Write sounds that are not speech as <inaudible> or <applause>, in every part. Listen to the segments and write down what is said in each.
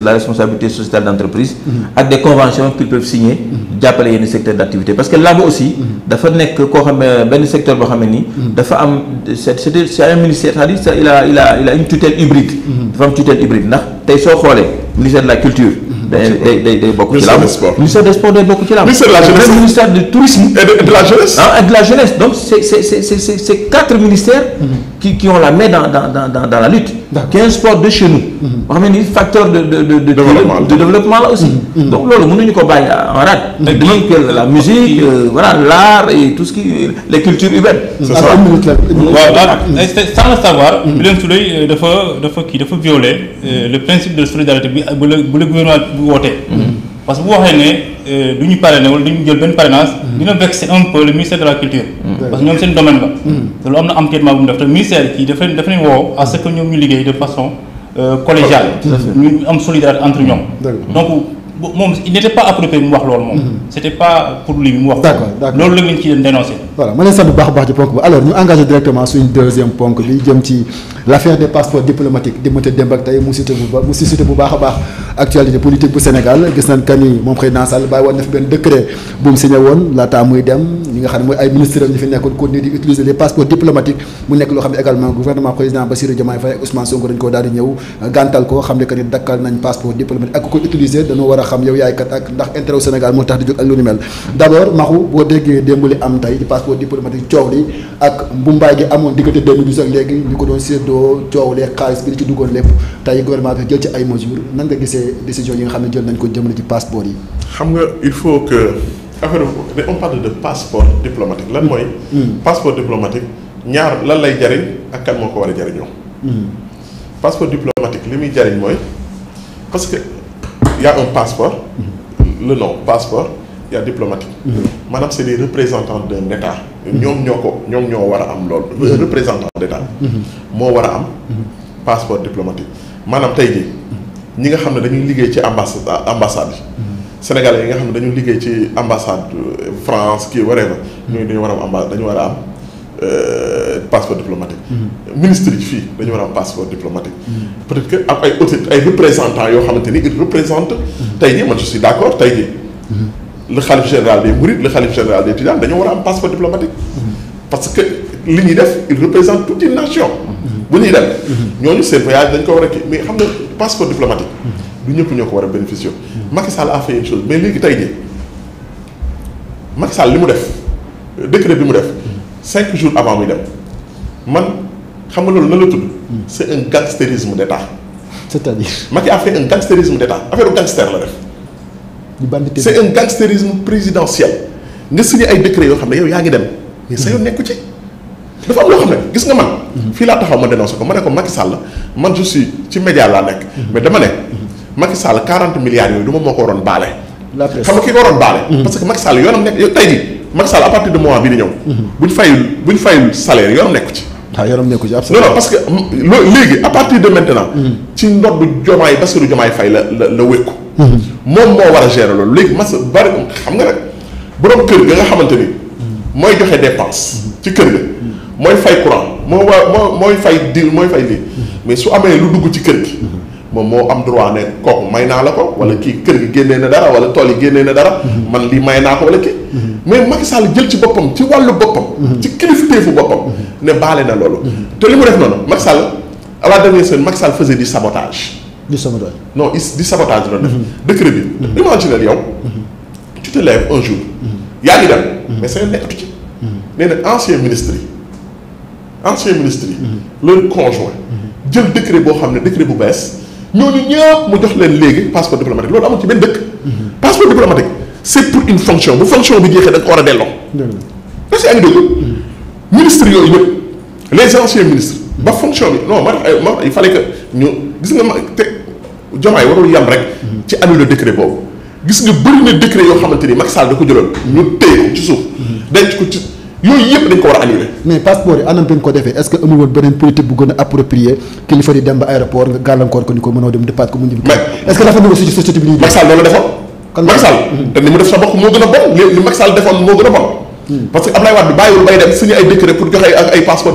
la responsabilité sociétale d'entreprise ak des conventions qu'ils peuvent signer jàppale yenn secteur d'activité parce que làmb aussi dafa nekk koo xam ne benn secteur boo xam ne nii dafa am c'est c'est un ministère c'est-à-dire il a a une tutelle hybride dafa am tutelle hybride ndax tey soo xoolee ministère de la culture mhm. day day day bokk ci làmb ministère des tourisme ah, et de la jeunesse donc c'est c'est quatre ministères mhm. qui ont la main dans la lutte qui un sport de chez boo xam ne ni facteur de de de de développement de développement la aussi. Mm-hmm. donc loolu mënuñu ko bàyyi en rade. Mm-hmm. dinañ jël la musique euh, voilà l'art et tout ce qui les cultures urbaines. c'est ça mm-hmm. sans le savoir. bi leen Souleye dafa dafa kii dafa violer euh, le principe de solidarité bi bu la bu la gouvernement bu wootee. parce que bu waxee ne euh, du ñu parrainer wala du ñu jël benn parrainage. dina vexer un peu le ministère de la culture. parce que ñoom seen domaine la. te loolu am na empiètement bu mu def Euh, collégial. ñu am solidarité entre ñoom. donc moom il n'était pas approprié mu wax loolu moom. Mm-hmm. c'était pas pour lui mu wax. d'accord d'accord loolu la ngeen ciy dénoncé. voilà ma leen sant bu baax baax ci ponk bi alors ñu engagé directement suñu deuxième ponk bi jëm ci. l'affaire des passeports diplomatiques di démb ak tey mu cité bu baax a baax actualité politique bu Sénégal gis nañ que ni moom président Sall bàyyi woon na fi benn décret bu mu signé woon laataa muy dem ñi nga xam ne mooy ay ministres yi ñu fi nekkoon continuer di utiliser les passeports dañ koo daal di ñëw gàntal ko xam ne que ni dakkal nañ passeport diplomatique ak ko utiliser dañoo war a xam yow yaay kat ak ndax intérêt Sénégal moo tax di jóg ak lu ni mel d'abord maxu ko coow leeg xaalis bi di ci duggoon lépp tey gouvernement bi jël ci ay mesures nan nga gisee décision yi nga xam ne jël nañ ko jëmale ci passeport yi. xam nga il faut que affaire on parle de passeport diplomatique lan mooy. Hmm. passeport diplomatique ñaar lan lay jariñ ak kan moo ko war a jariñoo. Hmm. passeport diplomatique li muy jariñ mooy parce que y a un passeport. Hmm. le nom passeport y a diplomatique. maanaam c'est les représentants d'un État. ñoom ñoo ko ñoom ñoo war a am loolu mm-hmm. représentant d'état mm-hmm. moo war a am mm-hmm. passeport diplomatique maanaam tey jii ñi nga xam ne dañuy liggéey ci ambassade ambassade yi sénégalais yi nga xam ne dañu liggéey ci ambassade euh, France kii waree na ñooñu dañu war a am ambassade dañu war a am euh, passeport diplomatique ministre yi fii dañu war a am passeport diplomatique peut que ak ay autorité ay représentants yoo xamante ni ils représentent tey jii man je d'accord tey le xalif général des Mourides le xalif général des Tidianes dañoo war a am passeport diplomatique. parce que li ñuy def il représente toute une nation. bu ñuy dem. ñooñu seen voyage dañ ko war a kii mais xam nga passeport diplomatique. du ñëpp ñoo ko war a bénéficier. Macky Sall a fait une chose mais léegi tey jii Macky Sall li mu def décret bi mu def cinq jours avant muy dem man xam nga loolu na la tudd. c' un gangstérisme d' état. c' a fait un gangstérisme d' état affaire gangster c'est un gangstérisme présidentiel nga signé ay décret yoo xam ne yow yaa ngi dem mais sa yoon nekku ci dafa am loo xam ne gis nga man fii laa taxaw ma dénoncé ko ma ne ko Macky Sall man je suis ci média laa nekk mais dama ne Macky Sall 40 milliards yooyu du ma moo ko waroon baale xam nga ki ko waroon baale mm-hmm. parce que Macky Sall yoonam nekk tey jii Macky Sall à partir de mois bi di ñëw mm-hmm. buñ fayul buñ fayul salaire yoonam nekku ci ah yoonam nekkul ci absolument non non parce que mm, loo léegi à partir de maintenant. Mm-hmm. ci ndodd Diomaye Bassirou la la la wékku. moom moo war a gérer loolu léegi mas bari xam nga rek boroom kër ga nga xamante ni mooy joxe dépense ci kër ga mooy fay courant moo waa moo mooy fay diw mooy fay lii mais su amee lu dugg ci kër gi moom moo am droit ne kooku may naa la ko wala kii kër gi génnee na dara wala tool yi génnee na dara man lii may naa ko wala kii mais Macky jël ci boppam ci wàllu boppam ci kilifteefu boppam ne baale na loolu te li mu def noonu Macky Sall à la dernière semaine Macky Sall faisait du sabotage du sabotage non du sabotage la def. Mm-hmm. décret bi. Mm-hmm. imaginez yow. Mm-hmm. tu te lèves un jour. yaa ngi dem. mais sa yoon nekkatu ci. nee na ministre yi ancien ministre yi. leur conjoint. jël décret boo xam ne décret bu bees ñooñu ñëpp mu jox leen léegi passeport diplomatique loolu amul ci benn dëkk. passeport diplomatique c'est pour une fonction bu fonction bi jeexee da nga ko war a delloo. dëgg la yaa ngi dégg. ministres yooyu ñëpp ba fonction bi non man ay man jomaay warul yam rek ci annulé décret boobu gis nga bëri na décret yoo xamante ni Macky Sall ko jëloon ñu téye ko ci suuf denc ko ci yooyu yëpp dañ ko war a annulé mais passeport yi anam bi nga ko defee est-ce beneen politique bu gën a approprié kilifa di dem ba aéroport nga gàllankoor ko ni ko mënoo dem dépasse ko mu ñibbi est defoon kan te ni mu def sa bopp moo gën a bon li li Macky Sall defoon moo gën a bon hmm. parce que Abdoulaye Wade bàyyiwul bay dem signé ay décret pour joxe ak ay passeport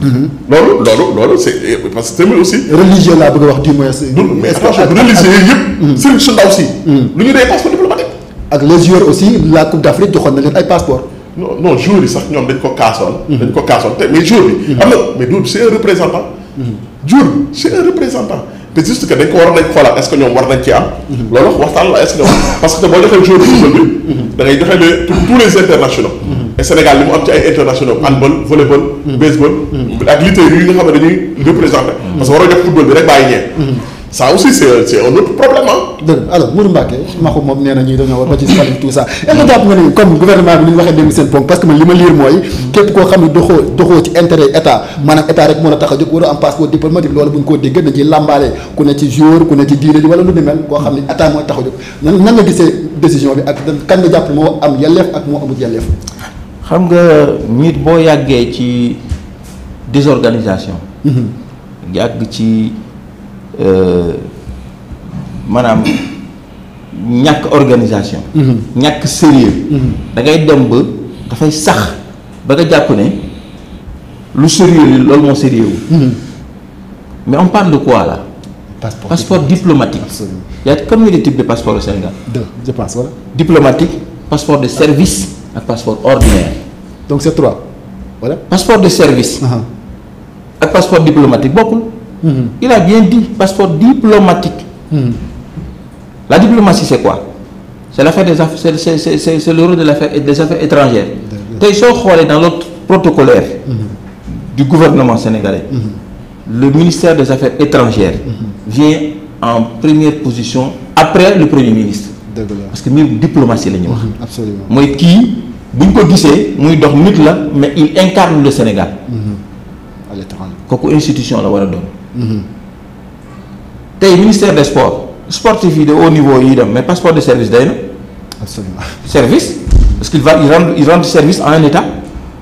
Mhm. loolu loolu loolu c'est parce que tamit aussi. religieux laa bëgg a wax du moins. du mhm. mhm. lu ñu dee passeport diplomatique. ak les joueurs aussi la Coupe d'Afrique joxoon na leen ay passeport. non sax ñoom dañ dañ ko kaasoon te mais joueur que dañ ko war nañ xoolaat est-ce que ñoom war nañ ci am. loolu waxtaan la que parce que boo joxee joueur bi da ngay joxe tous les internationaux. et Sénégal li mu am ci ay internationaux handball volleyball mm. baseball mm. ak lutteurs yi nga xam ne dañuy représenté mm. parce que waroo jox football bi rek bàyyi ñee ça aussi c'est c'est un autre problème ah dëgg alors Mourou Mbacké maxu moom nee ñuy dañoo war ba ci fali tout ça est-ce jàpp nga ni comme gouvernement bi ni ñu waxee dégg seen ponk parce que man li ma liir mooy képp koo xam ne doxoo doxoo ci intérêt état maanaam état rek moo la tax a jóg waroo am passeport diplomatique loolu bu ñu bi ak kan nga jàpp moo am yelleef ak xam nga nit boo yàggee ci désorganisation. Mhm. yàgg ci euh, maanaam ñàkk organisation. Mhm. ñàkk sérieux. Mhm. dangay dem ba dafay sax ba nga jàpp ne lu sérieux li loolu moo sérieux wu. mais on parle de quoi là. passeport, passeport diplomatique. Absolument. Il y a combien de types de passeport au Sénégal? Deux, je pense, voilà. de service. ak passeport ordinaire. donc c'est trois voilà. passeport de service. Uh-huh. ak passeport diplomatique bokkul. Mm-hmm. il a bien dit passeport diplomatique. Mm-hmm. la diplomatie c'est quoi c'est l'affaire des affaires c'est le rôle de l'affaire des affaires étrangères. tey soo xoolee dans l'autre protocolaire. Mm-hmm. du gouvernement sénégalais. le ministère des affaires étrangères. vient en première position après le premier ministre. dëgg la parce que mbirum diplomatie la ñuy wax. absolument mooy kii buñ ko gisee muy dox nit la mais il incarne le Sénégal. Mm-hmm. à l'étranger kooku institution la war a doon. Mm-hmm. tey ministère de sports sportif yi de haut niveau yi dem mais passeport de service day na. absolument service parce qu'il va il rend il rend service en un état.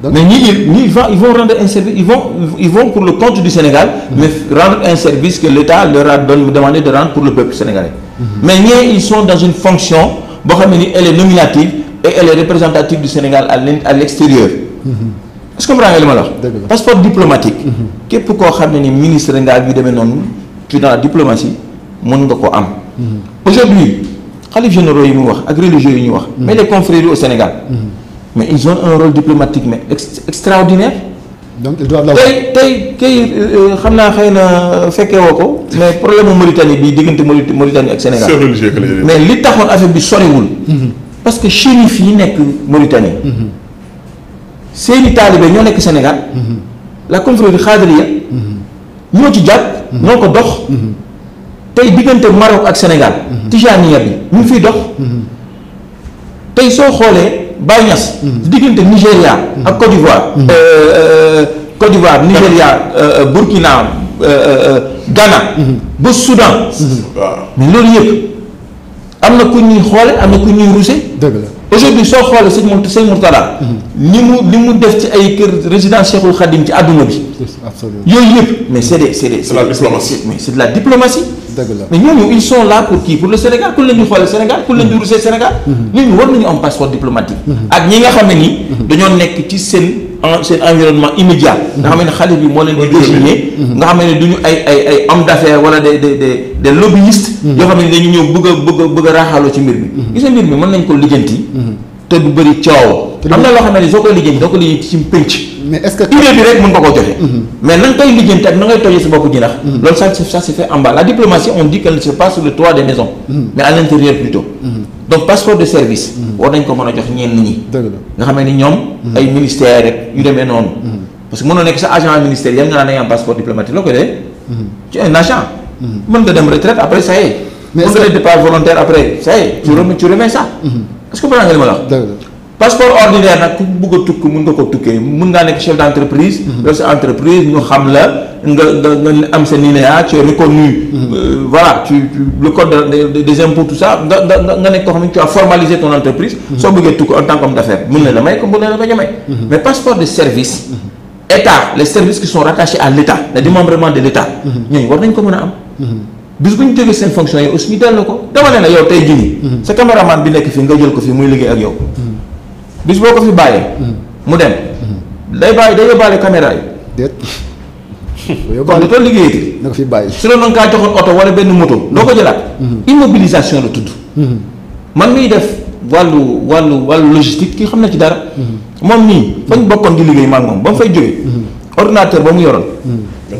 Donc, mais ñii ils ñii ils vont ils vont rendre un service ils vont ils vont pour le compte du Sénégal. Mm-hmm. mais rendre un service que l'État leur a donné demandé de rendre pour le peuple sénégalais. Mm-hmm. mais ñee ils sont dans une fonction boo xam ne ni elle est nominative et elle est représentative du Sénégal à l' à l'extérieur. Mmh. est-ce que comprends nga li ma passeport diplomatique. Mm-hmm. képp koo xam ne ni ministre nga yu demee noonu ci dans la diplomatie mën nga ko am. aujourd'hui xalif yi mu wax ak religieux yi wax. mais les confrères au mais ils ont un rôle diplomatique mais extraordinaire. tey tey kay euh, xam naa xëy na fekkee woo ko mais problème mu Mauritanie bi diggante Mauritanie ak Sénégal. mais li taxoon affaire bi soriwul. Mhm. parce que chérif yi nekk Mauritanie. Mhm. seeni taalibe ñoo nekk Sénégal. Mhm. la confrérie xaadiriya ñoo ci jàpp. ñoo ko dox. tey diggante Maroc ak Sénégal. Tijaaniya bi ñu ngi dox. tey soo xoolee. Baye mm. diggante Nigéria. Mm. ak Côte d'Ivoire. Mm. Euh, euh, Côte d'Ivoire Nigéria euh, Burkina Ghana. ba Soudan. waaw mais loolu yëpp am na ku ñuy xoole am na ku ñuy ruse. aujourd'hui soo xoolee sëñ Mourtada sëñ Mourtada. mu li mu def ci ay kër résidence Cheikhul Khadim ci àdduna bi. yooyu yëpp mais c'est des de la c'est de la diplomatie. dëgg la mais ñooñu ils sont là pour qui pour le Sénégal pour la ñuy xoolal Sénégal pour la mm-hmm. war nañu am passeport diplomatique. Mm-hmm. ak ñi nga xam ne mm-hmm. dañoo nekk ci seen seen environnement immédiat. nga xam ne xale bi moo leen di désigné. nga xam ne du ay ay ay homme d'affaires wala des des des des lobbyistes. yoo xam ne dañu ñëw bëgg a bëgg a bëgg a raaxaaloo ci mbir mi. gis nga mbir mi mën nañ ko lijjanti. te du bëri coow. am na loo xam ne soo ko lijjanti doo ko lijjanti mais est-ce que idée bi rek mën nga koo joxe. Mhm. mais na koy lijjanti ak na tojee sa bopp jinax. Mhm. loolu ça ça se fait en bas la diplomatie on dit qu'elle ne se passe sur le toit des maisons. Mhm. mais à l'intérieur plutôt. donc passeport de service. war nañ ko mën a jox ñenn ñi. nga xam ni ñoom. ay ministères rek yu demee noonu. parce que mënoo nekk sa agent ministériel nga naan da am passeport diplomatique loo koy dee. ci un agent. mën nga dem retraite passeport ordinaire nag ku bëgg a tukk mën nga ko tukkee mën ngaa nekk chef d' entreprise. yor mhm. sa entreprise ñu xam la nga nga nga am sa NINEA tu es reconnu. Mhm. Euh, voilà tu le code des impôts tout nga nga nekk koo xam ne tu as formalisé ton entreprise. Mhm. soo bëggee tukk en tant qu'homme d'affaires mën na la may comme mën na la bañ a may. mais passeport de service. état les services qui sont rattachés à l' état démembrement de l' état. war nañ ko mën a am. bis nekk fii nga yow. bis boo ko fi bàyyee. mu dem. Mm-hmm. day bàyyi day yóbbaale caméra yi. déet. <laughs> kon lu toll liggéeyati. na fi bàyyi su la doon kaa joxoon oto wala benn moto doo ko jëlaat. Mm-hmm. immobilisation la tudd. Mm-hmm. man miy def wàllu wàllu wàllu logistique ki xam na ci dara. moom nii fañ bokkoon di liggéey maag moom ba mu fay jógee. ordinateur ba mu yoroon.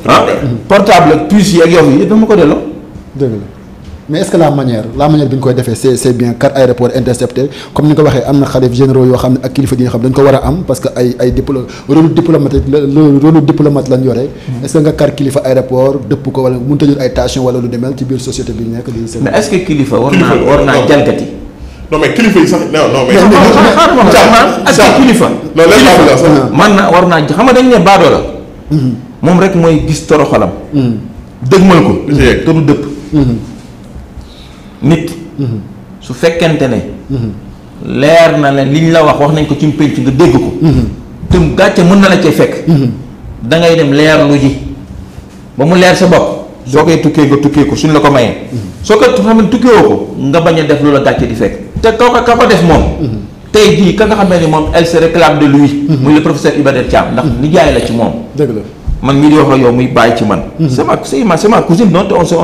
Ah, portable ak yi ak yow yi yëpp dama ko delloo. mais est-ce la manière la manière bi ñu koy defee c'est c'est bien car aéroport intercepté comme ni ko waxee am na xalif généraux yoo xam ne ak kilifa a mm-hmm. dëpp ko wala mënut a ay tension wala lu demel ci biir société bi ñu nekk di. mais est kilifa war naa war naa mais kilifa yi sax non non mais. man na war naa xam nga dañ ne baadoo la. Mm-hmm. moom rek mooy gis toroxalam. Mm-hmm. dëgmal ko. te du dëpp nit. su fekkente ne. leer na li ñu la wax wax nañ ko ci pénc nga dégg ko. te gàcce mën na la cee fekk. da ngay dem leerlu ji ba mu leer sa bopp. soo koy tukkee nga tukkee ko suñ la ko mayee. soo ko xam tukkee woo ko nga bañ a def lu la gàcce di fekk. te kaw ka ko def moom. tey jii ka nga xam ne ni moom elle se réclame de lui. muy le professeur Iba Der Thiam ndax nijaay la ci moom. dëgg la man mii di wax la yow muy bàyyi ci man. Mhm. sama c'est ma c'est ma cousine non on se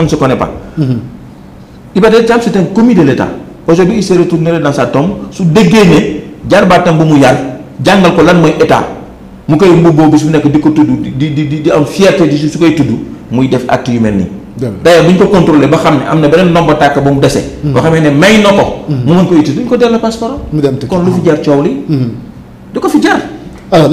Iba Der Thiam c'est un commis de l'État aujourd'hui il s'est retourné dans sa tombe su déggee ne jarbaatam bu mu yar jàngal ko lan mooy état mu koy mbubboo bi su nekk di ko tudd di di di am fierté di su koy tudd muy def acte yu mel nii. d'ailleurs bu ñu ko contrôlé ba xam ne am na beneen nomba tàkk bu mu dese. Mm. boo xamee ne may na ko. Mm. mu mën ko itti duñ ko delloo passeport. mu dem kon lu fi jar coow li. Mm. du ko fi jar. Ah,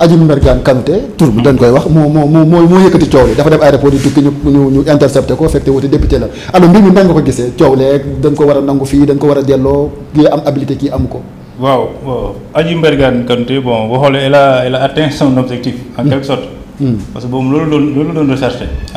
Adjim Mergane Kanté tur bi dañ koy wax moo moo moo moo yëkkati coow li dafa dem aéroport yi tukki ñu ñu ñu intercepté ko wuti député la alors mbir mi nan ko gisee coow leeg dañ ko war a nangu fii dañ ko war a delloo kii am habilité kii am ko waaw waaw Adjim Mergane Kanté bon boo xoolee la a elle a atteint son objectif en hmm. quelque sorte hmm. parce que boobu loolu doon loolu doon recherché